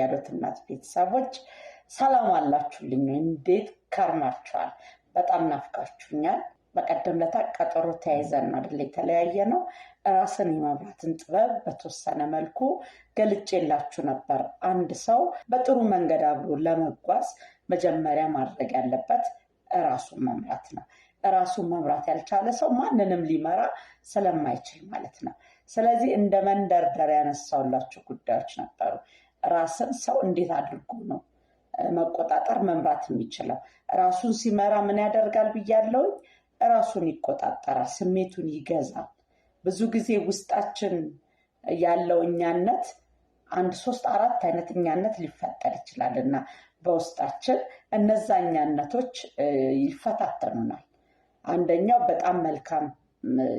ያዶት እናት ቤተሰቦች ሰላም አላችሁልኝ? እንዴት ከርማችኋል? በጣም ናፍቃችሁኛል። በቀደም ለታ ቀጠሮ ተያይዘን አይደል የተለያየ ነው። ራስን የመምራትን ጥበብ በተወሰነ መልኩ ገልጬላችሁ ነበር። አንድ ሰው በጥሩ መንገድ አብሮ ለመጓዝ መጀመሪያ ማድረግ ያለበት ራሱን መምራት ነው። ራሱን መምራት ያልቻለ ሰው ማንንም ሊመራ ስለማይችል ማለት ነው። ስለዚህ እንደ መንደርደር ያነሳውላችሁ ጉዳዮች ነበሩ። ራስን ሰው እንዴት አድርጎ ነው መቆጣጠር መምራት የሚችለው? ራሱን ሲመራ ምን ያደርጋል ብያለውኝ? ራሱን ይቆጣጠራል፣ ስሜቱን ይገዛል። ብዙ ጊዜ ውስጣችን ያለው እኛነት አንድ ሶስት አራት አይነት እኛነት ሊፈጠር ይችላል እና በውስጣችን እነዛ እኛነቶች ይፈታተኑናል። አንደኛው በጣም መልካም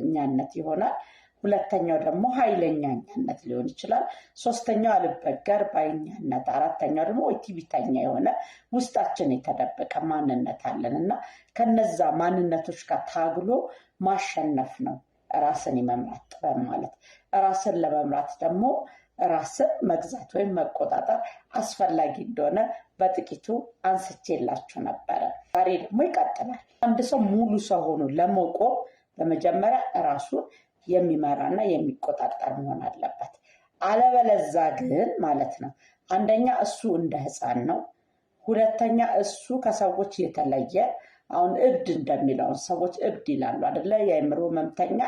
እኛነት ይሆናል። ሁለተኛው ደግሞ ኃይለኛኛነት ሊሆን ይችላል። ሶስተኛው አልበገር ባይኛነት፣ አራተኛው ደግሞ ቲቢተኛ የሆነ ውስጣችን የተደበቀ ማንነት አለን እና ከነዛ ማንነቶች ጋር ታግሎ ማሸነፍ ነው ራስን የመምራት ጥበብ ማለት። ራስን ለመምራት ደግሞ ራስን መግዛት ወይም መቆጣጠር አስፈላጊ እንደሆነ በጥቂቱ አንስቼላችሁ ነበረ። ዛሬ ደግሞ ይቀጥላል። አንድ ሰው ሙሉ ሰው ሆኖ ለመቆም በመጀመሪያ ራሱን የሚመራና የሚቆጣጠር መሆን አለበት። አለበለዛ ግን ማለት ነው አንደኛ እሱ እንደ ህፃን ነው። ሁለተኛ እሱ ከሰዎች የተለየ አሁን እብድ እንደሚለውን ሰዎች እብድ ይላሉ አደለ? የአእምሮ ህመምተኛ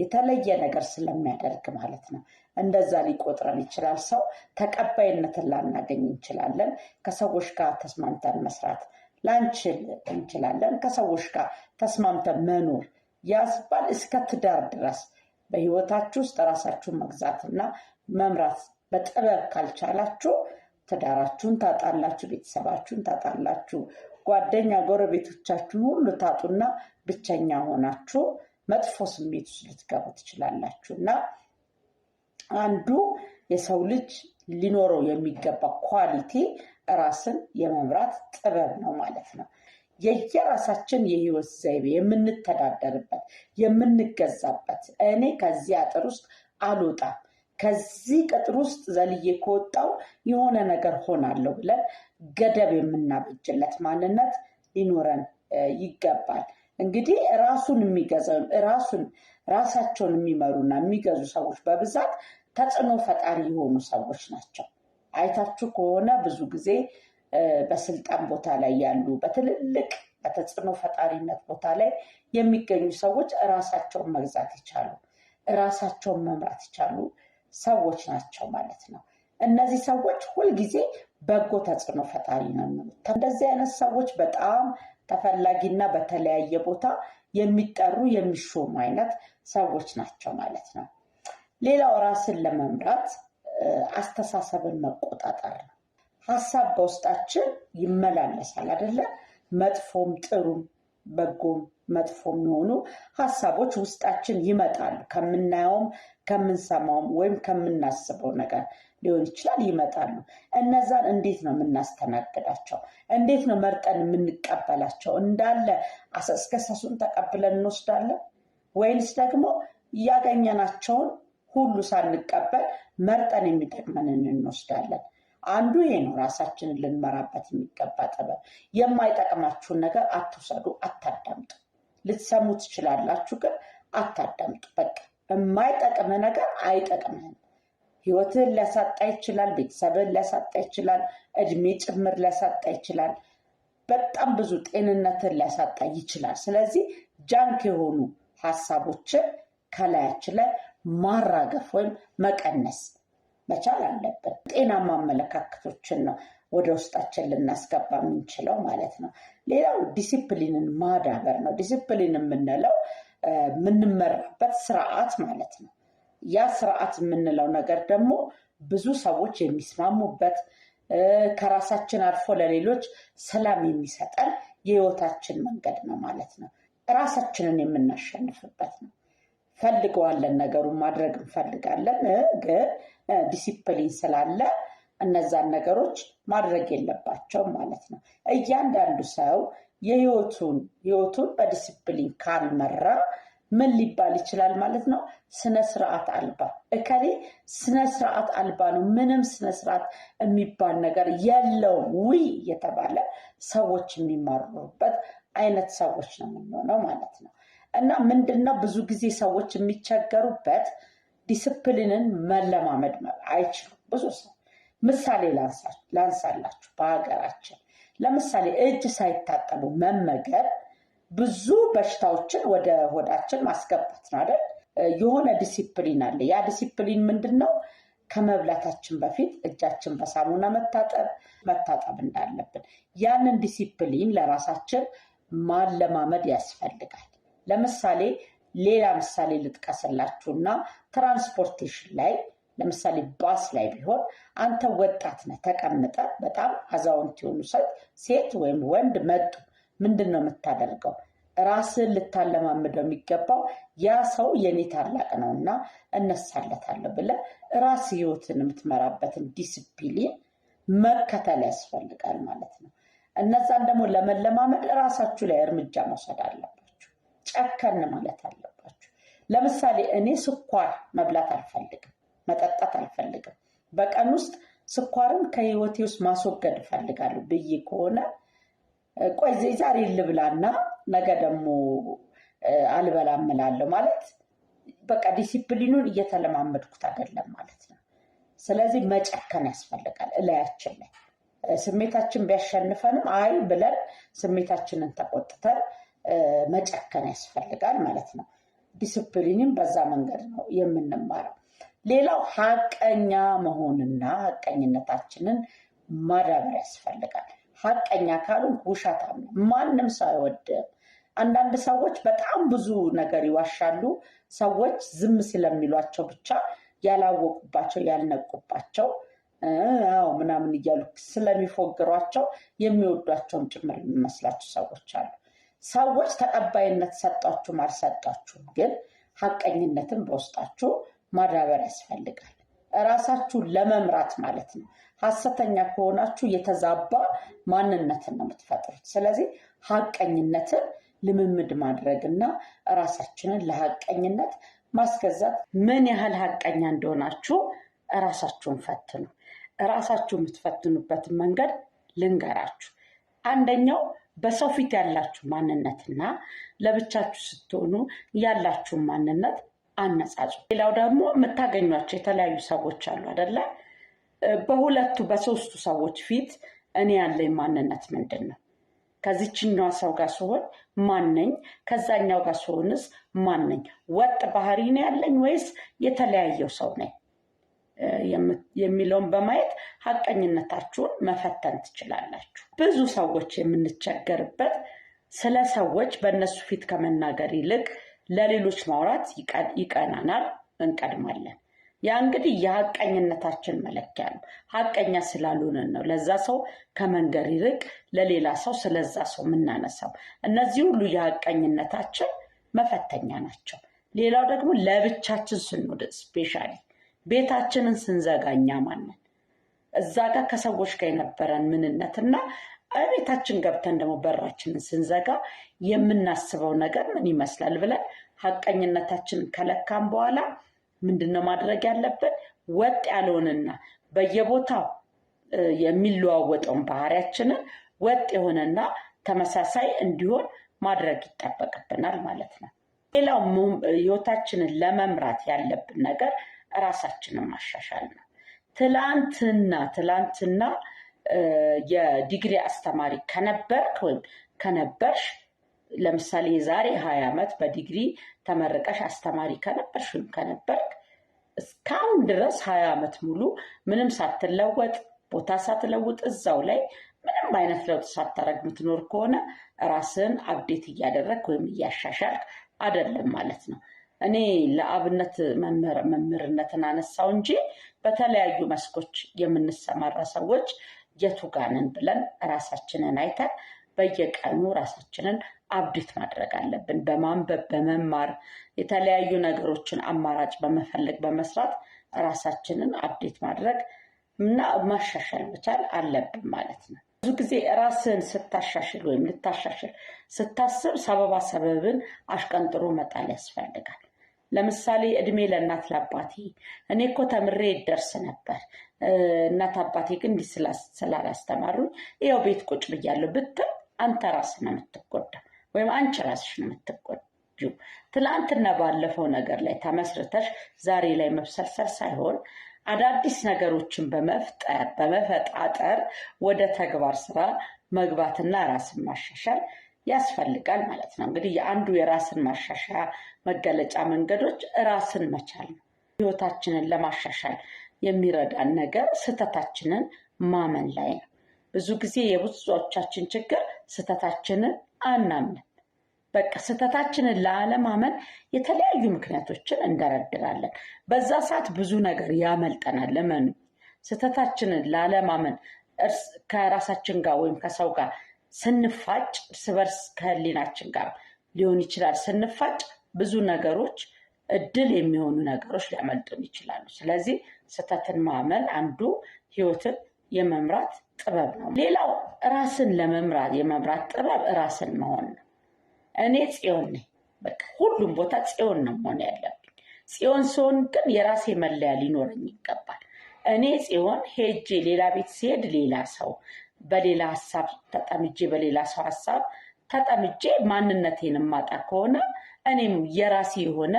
የተለየ ነገር ስለሚያደርግ ማለት ነው። እንደዛ ሊቆጥረን ይችላል። ሰው ተቀባይነትን ላናገኝ እንችላለን። ከሰዎች ጋር ተስማምተን መስራት ላንችል እንችላለን። ከሰዎች ጋር ተስማምተን መኖር ያስባል እስከ ትዳር ድረስ በህይወታችሁ ውስጥ ራሳችሁን መግዛትና መምራት በጥበብ ካልቻላችሁ ትዳራችሁን ታጣላችሁ፣ ቤተሰባችሁን ታጣላችሁ፣ ጓደኛ ጎረቤቶቻችሁን ሁሉ ታጡና ብቸኛ ሆናችሁ መጥፎ ስሜት ውስጥ ልትገቡ ትችላላችሁ እና አንዱ የሰው ልጅ ሊኖረው የሚገባ ኳሊቲ ራስን የመምራት ጥበብ ነው ማለት ነው። የየራሳችን የህይወት ዘይቤ የምንተዳደርበት የምንገዛበት እኔ ከዚህ አጥር ውስጥ አልወጣም ከዚህ ቅጥር ውስጥ ዘልዬ ከወጣው የሆነ ነገር ሆናለሁ ብለን ገደብ የምናበጅለት ማንነት ሊኖረን ይገባል። እንግዲህ ራሱን የሚገዛው ራሱን ራሳቸውን የሚመሩና የሚገዙ ሰዎች በብዛት ተጽዕኖ ፈጣሪ የሆኑ ሰዎች ናቸው። አይታችሁ ከሆነ ብዙ ጊዜ በስልጣን ቦታ ላይ ያሉ በትልልቅ በተጽዕኖ ፈጣሪነት ቦታ ላይ የሚገኙ ሰዎች እራሳቸውን መግዛት ይቻሉ፣ እራሳቸውን መምራት ይቻሉ ሰዎች ናቸው ማለት ነው። እነዚህ ሰዎች ሁልጊዜ በጎ ተጽዕኖ ፈጣሪ ነው የሚሉት። እንደዚህ አይነት ሰዎች በጣም ተፈላጊና በተለያየ ቦታ የሚጠሩ የሚሾሙ አይነት ሰዎች ናቸው ማለት ነው። ሌላው ራስን ለመምራት አስተሳሰብን መቆጣጠር ነው። ሀሳብ በውስጣችን ይመላለሳል አደለ መጥፎም ጥሩም በጎም መጥፎ የሆኑ ሀሳቦች ውስጣችን ይመጣሉ። ከምናየውም ከምንሰማውም ወይም ከምናስበው ነገር ሊሆን ይችላል ይመጣሉ። እነዛን እንዴት ነው የምናስተናግዳቸው? እንዴት ነው መርጠን የምንቀበላቸው? እንዳለ አሰስከሰሱን ተቀብለን እንወስዳለን ወይንስ ደግሞ እያገኘናቸውን ሁሉ ሳንቀበል መርጠን የሚጠቅመንን እንወስዳለን? አንዱ ይሄ ነው። ራሳችንን ልንመራበት የሚገባ ጥበብ። የማይጠቅማችሁን ነገር አትውሰዱ፣ አታዳምጡ። ልትሰሙ ትችላላችሁ፣ ግን አታዳምጡ። በቃ የማይጠቅም ነገር አይጠቅምህም። ህይወትህን ሊያሳጣ ይችላል፣ ቤተሰብህን ሊያሳጣ ይችላል፣ እድሜ ጭምር ሊያሳጣ ይችላል፣ በጣም ብዙ ጤንነትን ሊያሳጣ ይችላል። ስለዚህ ጃንክ የሆኑ ሀሳቦችን ከላያችን ላይ ማራገፍ ወይም መቀነስ መቻል አለብን። ጤናማ አመለካከቶችን ነው ወደ ውስጣችን ልናስገባ የምንችለው ማለት ነው። ሌላው ዲሲፕሊንን ማዳበር ነው። ዲሲፕሊን የምንለው የምንመራበት ስርዓት ማለት ነው። ያ ስርዓት የምንለው ነገር ደግሞ ብዙ ሰዎች የሚስማሙበት ከራሳችን አልፎ ለሌሎች ሰላም የሚሰጠን የህይወታችን መንገድ ነው ማለት ነው። ራሳችንን የምናሸንፍበት ነው። ፈልገዋለን፣ ነገሩን ማድረግ እንፈልጋለን ግን ዲሲፕሊን ስላለ እነዛን ነገሮች ማድረግ የለባቸውም ማለት ነው። እያንዳንዱ ሰው የህይወቱን ህይወቱን በዲሲፕሊን ካልመራ ምን ሊባል ይችላል ማለት ነው? ስነ ስርዓት አልባ እከሌ ስነ ስርዓት አልባ ነው፣ ምንም ስነ ስርዓት የሚባል ነገር የለውም ውይ እየተባለ ሰዎች የሚማሩበት አይነት ሰዎች ነው የምንሆነው ማለት ነው። እና ምንድነው ብዙ ጊዜ ሰዎች የሚቸገሩበት ዲስፕሊንን መለማመድ አይችሉም። ብዙ ሰው ምሳሌ ላንሳላችሁ። በሀገራችን ለምሳሌ እጅ ሳይታጠቡ መመገብ ብዙ በሽታዎችን ወደ ሆዳችን ማስገባት ነው አይደል? የሆነ ዲሲፕሊን አለ። ያ ዲሲፕሊን ምንድን ነው? ከመብላታችን በፊት እጃችን በሳሙና መታጠብ መታጠብ እንዳለብን ያንን ዲሲፕሊን ለራሳችን ማለማመድ ያስፈልጋል። ለምሳሌ ሌላ ምሳሌ ልጥቀስላችሁ እና ትራንስፖርቴሽን ላይ ለምሳሌ ባስ ላይ ቢሆን አንተ ወጣት ነህ ተቀምጠ፣ በጣም አዛውንት የሆኑ ሴት ወይም ወንድ መጡ። ምንድን ነው የምታደርገው? ራስህን ልታለማምደው የሚገባው ያ ሰው የኔ ታላቅ ነው እና እነሳለታለሁ ብለህ ራስ ህይወትን የምትመራበትን ዲስፕሊን መከተል ያስፈልጋል ማለት ነው። እነዛን ደግሞ ለመለማመድ ራሳችሁ ላይ እርምጃ መውሰድ አለብን። ጨከን ማለት አለባችሁ። ለምሳሌ እኔ ስኳር መብላት አልፈልግም፣ መጠጣት አልፈልግም። በቀን ውስጥ ስኳርን ከህይወቴ ውስጥ ማስወገድ እፈልጋለሁ ብዬ ከሆነ ቆይ ዛሬ ልብላና ነገ ደግሞ አልበላም እላለሁ ማለት በቃ ዲሲፕሊኑን እየተለማመድኩት አይደለም ማለት ነው። ስለዚህ መጨከን ያስፈልጋል እላያችን ላይ ስሜታችን ቢያሸንፈንም አይ ብለን ስሜታችንን ተቆጥተን መጨከን ያስፈልጋል ማለት ነው። ዲስፕሊንም በዛ መንገድ ነው የምንማረው። ሌላው ሀቀኛ መሆንና ሀቀኝነታችንን ማዳበር ያስፈልጋል። ሀቀኛ ካሉ ውሸታም ነው፣ ማንም ሰው አይወድም። አንዳንድ ሰዎች በጣም ብዙ ነገር ይዋሻሉ። ሰዎች ዝም ስለሚሏቸው ብቻ ያላወቁባቸው ያልነቁባቸው ምናምን እያሉ ስለሚፎግሯቸው የሚወዷቸውን ጭምር የሚመስላቸው ሰዎች አሉ። ሰዎች ተቀባይነት ሰጧችሁም አልሰጧችሁም፣ ግን ሀቀኝነትን በውስጣችሁ ማዳበር ያስፈልጋል። እራሳችሁ ለመምራት ማለት ነው። ሀሰተኛ ከሆናችሁ የተዛባ ማንነትን ነው የምትፈጥሩት። ስለዚህ ሀቀኝነትን ልምምድ ማድረግ እና እራሳችንን ለሀቀኝነት ማስገዛት ምን ያህል ሀቀኛ እንደሆናችሁ እራሳችሁን ፈትኑ። እራሳችሁ የምትፈትኑበትን መንገድ ልንገራችሁ። አንደኛው በሰው ፊት ያላችሁ ማንነትና ለብቻችሁ ስትሆኑ ያላችሁን ማንነት አነጻጽ። ሌላው ደግሞ የምታገኟቸው የተለያዩ ሰዎች አሉ አደለ? በሁለቱ በሶስቱ ሰዎች ፊት እኔ ያለኝ ማንነት ምንድን ነው? ከዚችኛዋ ሰው ጋር ስሆን ማነኝ? ከዛኛው ጋር ስሆንስ ማነኝ? ወጥ ባህሪ ነው ያለኝ ወይስ የተለያየው ሰው ነኝ የሚለውን በማየት ሀቀኝነታችሁን መፈተን ትችላላችሁ። ብዙ ሰዎች የምንቸገርበት ስለ ሰዎች በእነሱ ፊት ከመናገር ይልቅ ለሌሎች ማውራት ይቀናናል፣ እንቀድማለን። ያ እንግዲህ የሀቀኝነታችን መለኪያ ነው። ሀቀኛ ስላልሆንን ነው ለዛ ሰው ከመንገር ይልቅ ለሌላ ሰው ስለዛ ሰው የምናነሳው። እነዚህ ሁሉ የሀቀኝነታችን መፈተኛ ናቸው። ሌላው ደግሞ ለብቻችን ስንወድ ስፔሻሊ ቤታችንን ስንዘጋኛ ማን እዛ ጋር ከሰዎች ጋር የነበረን ምንነት እና እቤታችን ገብተን ደግሞ በራችንን ስንዘጋ የምናስበው ነገር ምን ይመስላል ብለን ሀቀኝነታችንን ከለካም በኋላ ምንድነው ማድረግ ያለብን? ወጥ ያልሆንና በየቦታው የሚለዋወጠውን ባህሪያችንን ወጥ የሆነና ተመሳሳይ እንዲሆን ማድረግ ይጠበቅብናል ማለት ነው። ሌላው ህይወታችንን ለመምራት ያለብን ነገር ራሳችንን ማሻሻል ነው። ትላንትና ትላንትና የዲግሪ አስተማሪ ከነበርክ ወይም ከነበርሽ ለምሳሌ የዛሬ ሀያ ዓመት በዲግሪ ተመርቀሽ አስተማሪ ከነበርሽ ወይም ከነበርክ እስካሁን ድረስ ሀያ ዓመት ሙሉ ምንም ሳትለወጥ ቦታ ሳትለውጥ እዛው ላይ ምንም አይነት ለውጥ ሳታረግ የምትኖር ከሆነ ራስን አብዴት እያደረግ ወይም እያሻሻልክ አይደለም ማለት ነው። እኔ ለአብነት መምህርነትን አነሳው እንጂ በተለያዩ መስኮች የምንሰማራ ሰዎች የቱ ብለን ራሳችንን አይተን በየቀኑ ራሳችንን አብዴት ማድረግ አለብን። በማንበብ በመማር የተለያዩ ነገሮችን አማራጭ በመፈለግ በመስራት ራሳችንን አብዴት ማድረግ እና ማሻሻል መቻል አለብን ማለት ነው። ብዙ ጊዜ ራስን ስታሻሽል ወይም ልታሻሽል ስታስብ ሰበባ ሰበብን አሽቀንጥሮ መጣል ያስፈልጋል። ለምሳሌ እድሜ ለእናት ለአባቴ እኔ እኮ ተምሬ ይደርስ ነበር እናት አባቴ ግን እንዲህ ስላላስተማሩኝ ይኸው ቤት ቁጭ ብያለሁ ብትል አንተ ራስ ነው የምትጎዳ ወይም አንቺ ራስሽ ነው የምትጎጂው። ትላንትና ባለፈው ነገር ላይ ተመስርተሽ ዛሬ ላይ መብሰልሰል ሳይሆን አዳዲስ ነገሮችን በመፍጠር በመፈጣጠር ወደ ተግባር ስራ መግባትና ራስን ማሻሻል ያስፈልጋል ማለት ነው። እንግዲህ የአንዱ የራስን ማሻሻያ መገለጫ መንገዶች ራስን መቻል ነው። ህይወታችንን ለማሻሻል የሚረዳን ነገር ስህተታችንን ማመን ላይ ነው። ብዙ ጊዜ የብዙዎቻችን ችግር ስህተታችንን አናምንም። በቃ ስህተታችንን ለአለማመን የተለያዩ ምክንያቶችን እንደረድራለን። በዛ ሰዓት ብዙ ነገር ያመልጠናል። ለመኑ ስህተታችንን ላለማመን ከራሳችን ጋር ወይም ከሰው ጋር ስንፋጭ እርስ በርስ ከህሊናችን ጋር ሊሆን ይችላል። ስንፋጭ ብዙ ነገሮች እድል የሚሆኑ ነገሮች ሊያመልጡን ይችላሉ። ስለዚህ ስህተትን ማመን አንዱ ህይወትን የመምራት ጥበብ ነው። ሌላው ራስን ለመምራት የመምራት ጥበብ ራስን መሆን ነው። እኔ ጽዮን ነኝ። በቃ ሁሉም ቦታ ጽዮን ነው መሆን ያለብኝ። ጽዮን ሲሆን ግን የራሴ መለያ ሊኖረኝ ይገባል። እኔ ጽዮን ሄጄ ሌላ ቤት ሲሄድ ሌላ ሰው፣ በሌላ ሀሳብ ተጠምጄ በሌላ ሰው ሀሳብ ተጠምጄ ማንነቴን ማጣ ከሆነ እኔም የራሴ የሆነ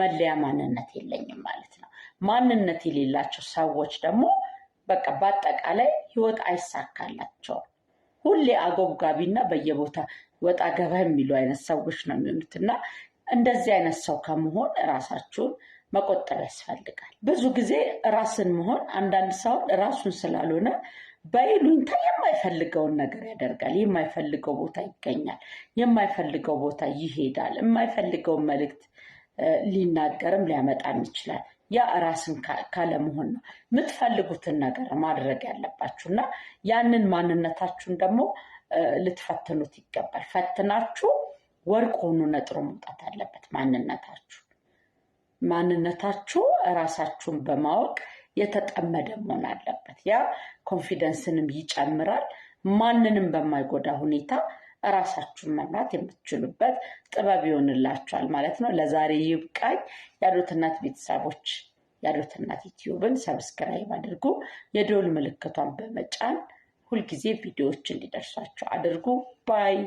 መለያ ማንነት የለኝም ማለት ነው። ማንነት የሌላቸው ሰዎች ደግሞ በቃ በአጠቃላይ ህይወት አይሳካላቸውም። ሁሌ አጎብጋቢና በየቦታ ወጣ ገባ የሚሉ አይነት ሰዎች ነው የሚሆኑት እና እንደዚህ አይነት ሰው ከመሆን ራሳችሁን መቆጠብ ያስፈልጋል። ብዙ ጊዜ ራስን መሆን አንዳንድ ሰውን ራሱን ስላልሆነ በይሉኝታ የማይፈልገውን ነገር ያደርጋል። የማይፈልገው ቦታ ይገኛል። የማይፈልገው ቦታ ይሄዳል። የማይፈልገውን መልእክት ሊናገርም ሊያመጣም ይችላል። ያ ራስን ካለመሆን ነው። የምትፈልጉትን ነገር ማድረግ ያለባችሁ እና ያንን ማንነታችሁን ደግሞ ልትፈትኑት ይገባል። ፈትናችሁ ወርቅ ሆኖ ነጥሮ መውጣት አለበት ማንነታችሁ ማንነታችሁ ራሳችሁን በማወቅ የተጠመደ መሆን አለበት። ያ ኮንፊደንስንም ይጨምራል። ማንንም በማይጎዳ ሁኔታ እራሳችሁን መምራት የምትችሉበት ጥበብ ይሆንላችኋል ማለት ነው። ለዛሬ ይብቃኝ። ያሉት እናት ቤተሰቦች ያሉት እናት ዩቲዩብን ሰብስክራይብ አድርጉ። የደወል ምልክቷን በመጫን ሁልጊዜ ቪዲዮዎች እንዲደርሷቸው አድርጉ። ባይ